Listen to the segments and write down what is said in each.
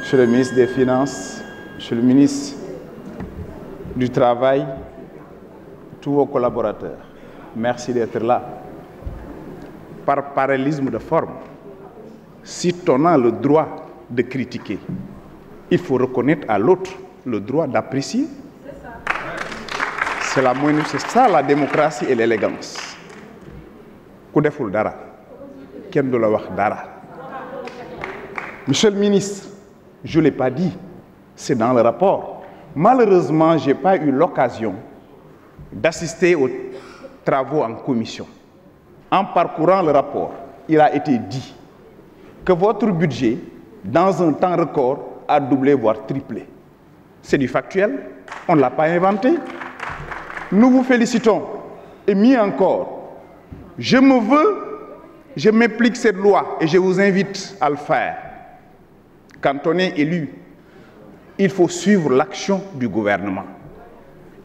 Monsieur le ministre des Finances, Monsieur le ministre du Travail, tous vos collaborateurs, merci d'être là. Par parallélisme de forme, si on a le droit de critiquer, il faut reconnaître à l'autre le droit d'apprécier. C'est la moindre, c'est ça la démocratie et l'élégance. ku deful dara kenn du la wax dara monsieur le ministre je l'ai pas dit c'est dans le rapport malheureusement j'ai pas eu l'occasion d'assister aux travaux en commission en parcourant le rapport il a été dit que votre budget dans un temps record a doublé voire triplé c'est du factuel on ne l'a pas inventé nous vous félicitons et mieux encore Je me veux, je m'implique cette loi et je vous invite à le faire. Quand on est élu, il faut suivre l'action du gouvernement.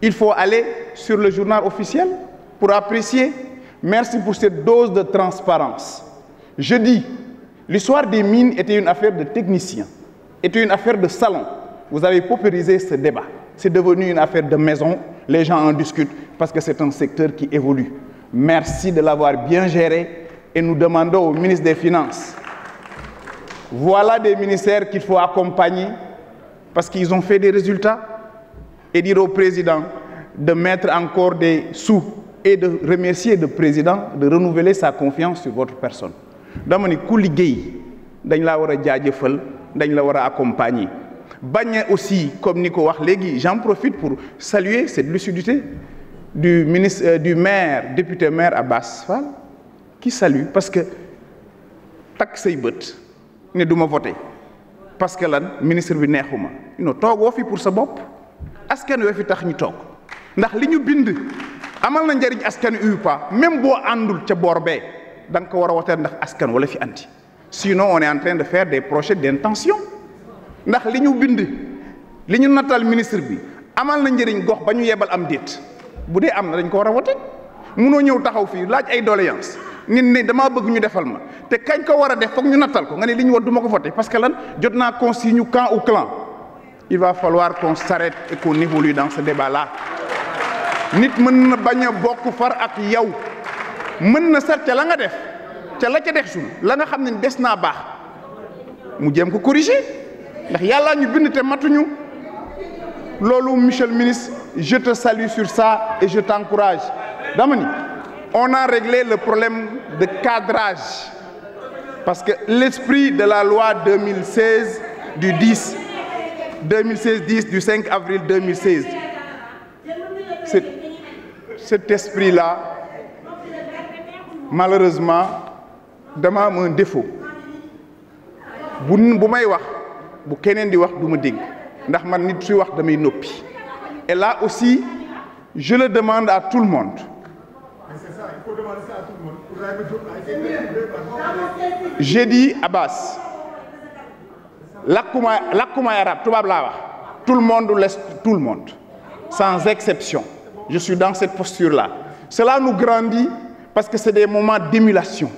Il faut aller sur le journal officiel pour apprécier. Merci pour cette dose de transparence. Je dis, l'histoire des mines était une affaire de technicien était une affaire de salon. Vous avez paupérisé ce débat. C'est devenu une affaire de maison. Les gens en discutent parce que c'est un secteur qui évolue. Merci de l'avoir bien géré et nous demandons au ministre des Finances. Voilà des ministères qu'il faut accompagner parce qu'ils ont fait des résultats et dire au président de mettre encore des sous et de remercier de président de renouveler sa confiance sur votre personne. dama ni ku liggéey dañ laa war a jaajëfal dañ la war a accompagner bañ aussi comme ni ko wax léegi j'en profite pour saluer cette lucidité du, ministre, euh, du maire, député maire Abbas Fall, qui salue parce que takk say bët ne du ma voté parce que lan ministre bi neexuma non toogoo fi pour sa bopp askan wee fi tax ñu toog ndax li ñu bind amal na njëriñ askan wi pas boo àndul ca boor bee da nga ko war a woteel ndax askan wala fi anti sinon on est de train de projet des projets d'intention ndax li ñu bind li ñu nattal ministre bi amal na njëriñ gox ba ñu yebal am déet bu dee am na dañ ko war a wote munoo ñëw taxaw fii laaj ay doléance nit ne damaa bëgg ñu defal ma te kañ ko war a def foog ñu nattal ko nga ne li ñu war du ma ko voté parce que lan jot naa qu'on signe camp ou clan il va falloir qu'on s'arrête et qu'on évolue dans ce débat là nit mën na bañ a bokk far ak yow mën na sar la nga def ca la ca def suñ la nga xam ne des naa baax mu jëm ko corriger ndax yàllaa ñu bind te matuñu loolu monsieur le ministre je te salue sur ça et je t'encourage dama ni on a réglé le problème de cadrage parce que l'esprit de la loi 2016 du 10 2016 10 du 5 avril 2016 cet, cet esprit là malheureusement dama am un défaut bu bu may wax bu keneen di wax du ma dégg ndax man nit suy wax damay noppi Et là aussi, je le demande à tout le monde. J'ai dit Abbas, l'Akoumay arabe, tout le monde laisse tout le monde, sans exception. Je suis dans cette posture-là. Cela nous grandit parce que c'est des moments d'émulation,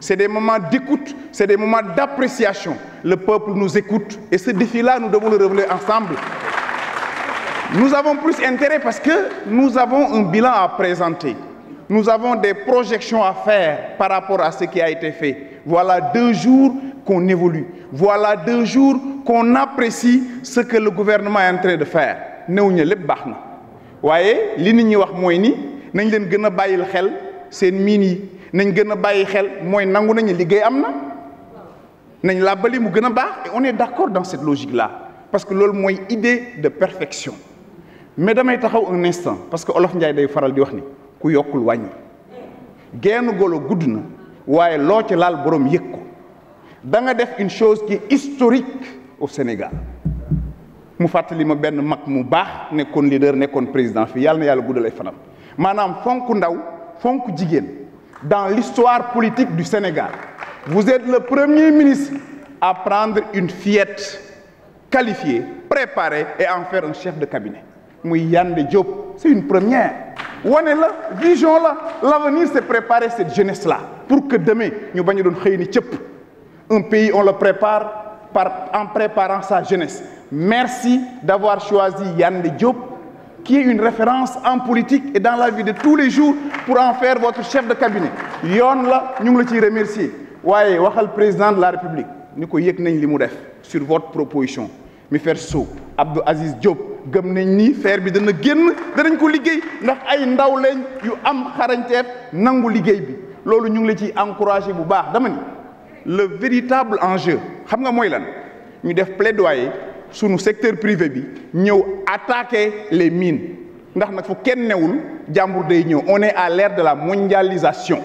c'est des moments d'écoute, c'est des moments d'appréciation. Le peuple nous écoute et ce défi-là, nous devons le relever ensemble Nous avons plus intérêt parce que nous avons un bilan à présenter. Nous avons des projections à faire par rapport à ce qui a été fait. Voilà deux jours qu'on évolue. Voilà deux jours qu'on apprécie ce que le gouvernement est en train de faire. newuñu lépp baax na waaye li nit ñi wax mooy ni nañ leen gën a bàyyil xel seen miin yi nañ gën a bàyyi xel mooy nangu nañu liggéey am na nañ làbbali mu gën a baax et on est d'accord dans cette logique là parce que loolu mooy idée de perfection mais damay taxaw un instant parce que olof Njaay day faral di wax ni ku yokkul wàññi genn golo gudd na waaye loo ci laal borom yëg ko danga def une chose qui est historique au Sénégal mu fàttali ma benn mag mu baax nekkoon leader nekkoon président fii yàlla na yàlla guddal ay fanam maanaam fonk ndaw fonk jigéen dans l'histoire politique du Sénégal vous êtes le premier ministre à prendre une fillette qualifiée préparée et en faire un chef de cabinet muy Yande Diop c'est une première wane la vision la l'avenir c'est préparer cette jeunesse là pour que demain ñu bañ a doon xëy ni cëpp un pays on le prépare par en préparant sa jeunesse merci d'avoir choisi Yande Diop qui est une référence en politique et dans la vie de tous les jours pour en faire votre chef de cabinet yoon la ñu ngi la ciy remercier waaye waxal président de la république ni ko yëg nañ li mu def sur votre proposition mi faire so Abdou Aziz Diop gëm nañ ni feer bi dana génn danañ ko liggéey ndax ay ndaw lañ yu am xarañteef nangu liggéey bi loolu ñu ngi la ciy encouragé bu baax dama ni le véritable enjeu xam nga mooy lan ñu def plaidoyer sunu secteur privé bi ñëw attaquer les mines ndax nag fu kenn newul jàmbur day ñëw on est à l'ère de la mondialisation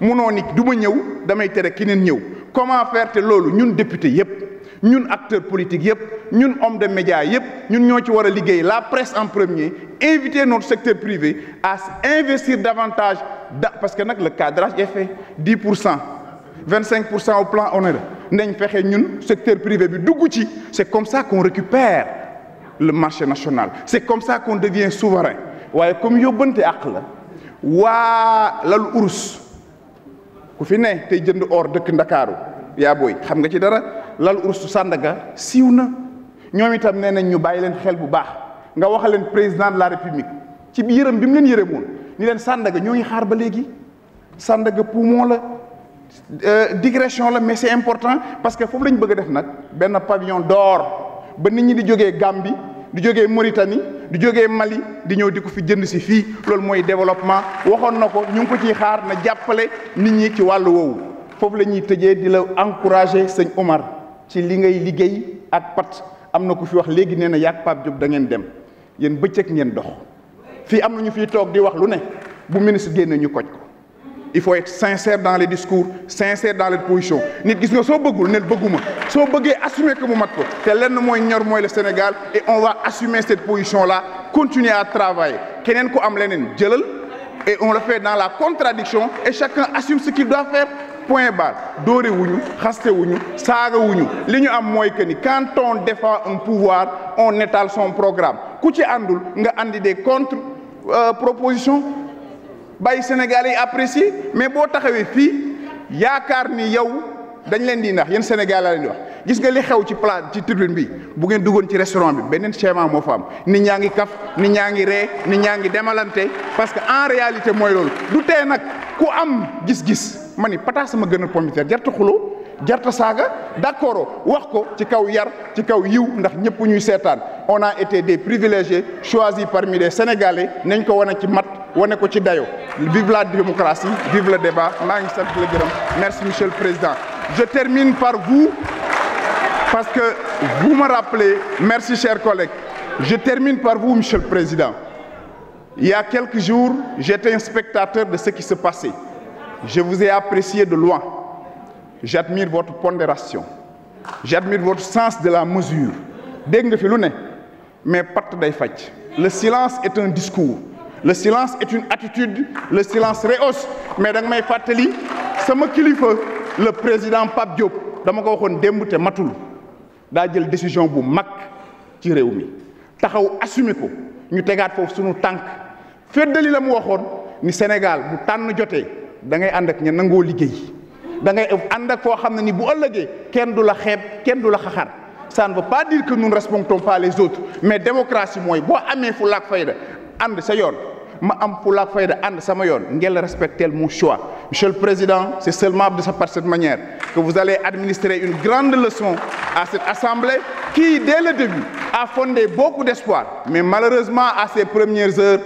munoo ni du ma ñëw damay tere keneen ñëw comment faire te loolu ñun député yépp ñun acteur politiques yëpp ñun hommes de médias yëpp ñun ñoo ci war a liggéey la presse en premier inviter notre secteur privé à investir davantage da parce que nag le cadrage est fait dix pour cent vingt cinq pour cent au plan ONERA nañ fexe ñun secteur privé bi dugg ci c'est comme ça qu'on récupère le marché national c'est comme ça qu'on devient souverain waaye comme yóbbante àq la waa lalu urus ku fi ne te jënd or dëkk Ndakaaru yaa xam nga ci dara lal ursu Sandaga siiw na ñoom itam nee nañ ñu bàyyi leen xel bu baax nga wax leen président de la république ci yërëm bi mu leen yërëmoon ni leen Sandaga ñoo ngi xaar ba léegi Sandaga poumon la euh, digression la mais c'est important parce que foofu lañu bëgg a def nag benn pavillon d'or ba nit ñi di jógee Gambie di jógee Mauritanie di jógee Mali di ñëw di ko fi jënd si fii loolu mooy développement waxoon na ko ñu ngi ko ciy xaar na jàppale nit ñi ci wàllu woowu foofu la ñuy tëjee di la encourager sëñ Omar ci li ngay liggéey ak pat am na ku fi wax léegi nee na yaag Pape Diop da ngeen dem yéen bëccëg ngeen dox fii am na ñu fiy toog di wax lu ne bu ministre génne ñu koj ko il faut être sincère dans les discours sincère dans les positions nit gis nga soo bëggul nel bëgguma soo bëggee assumer que mu mat ko te lenn mooy ñor mooy le Sénégal et on va assumer cette position la continuer à travailler keneen ku am leneen jëlal et on le fait dans la contradiction et point barre dóore wuñu xaste wuñu saaga wuñu li ñu am mooy que ni quand on défend un pouvoir on étale son programme ku ci àndul nga andi des contre euh, propositions bay Sénégalais yi apprécier mais boo taxawee fii yaakaar ni yow dañ leen di nax yéen Sénégalais lañ wax gis nga li xew ci plat ci tribune bi bu ngeen duggoon ci restaurant bi beneen schéma moo fa am nit ñaa ngi kaf nit ñaa ngi ree nit ñaa ngi demalante parce que en réalité mooy loolu du tee nag ku am gis-gis. ma ni pataas sama gën a pomiteer jarta xuloo jarta saaga d'accord wax ko ci kaw yar ci kaw yiw ndax ñëpp ñuy seetaan on a été des privilégiés choisis parmi les sénégalais nañ ko wane ci mat wane ko ci dayo vive la démocratie vive le débat maa ngi sant la gërëm merci monsieur le président je termine par vous parce que vous ma rappelez merci chers collègues je termine par vous monsieur le président ya y a quelques jours j'étais un spectateur de ce qui Je vous ai apprécié de loin. J'admire votre pondération. J'admire votre sens de la mesure. dégg nga fi lu ne mais patt day faj. Le silence est un discours. Le silence est une attitude. Le silence rehausse mais da nga may fàttali sama kilifa le président Pape Diop dama ko waxoon démb te matul daa jël décision bu mag ci réew mi taxaw assumer ko ñu tegaat foofu sunu tànk feddali la mu waxoon ni Sénégal bu tànn jotee. da ngay ànd ak ña nangoo liggéey da ngay ànd ak foo xam ne ni bu ëllëgee kenn du la xeeb kenn du la xaxar ça ne veut pas dire que nu ne respectons pas les autres mais démocratie mooy boo amee fu laak fayda ànd sa yoon ma am fu laak fayda ànd sama yoon ngeen respectel mon choix monsieur le président c'est seulement de sa par cette manière que vous allez administrer une grande leçon à cette assemblée qui dès le début a fondé beaucoup d'espoir mais malheureusement à ses premières heures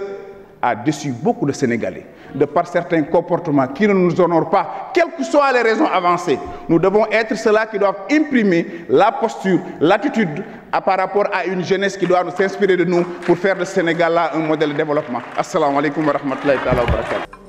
a déçu beaucoup de Sénégalais de par certains comportements qui ne nous honorent pas, quelles que soient les raisons avancées. Nous devons être ceux-là qui doivent imprimer la posture, l'attitude par rapport à une jeunesse qui doit s'inspirer de nous pour faire de Sénégal là un modèle de développement. Assalamu alaikum wa rahmatullahi wa barakatuh.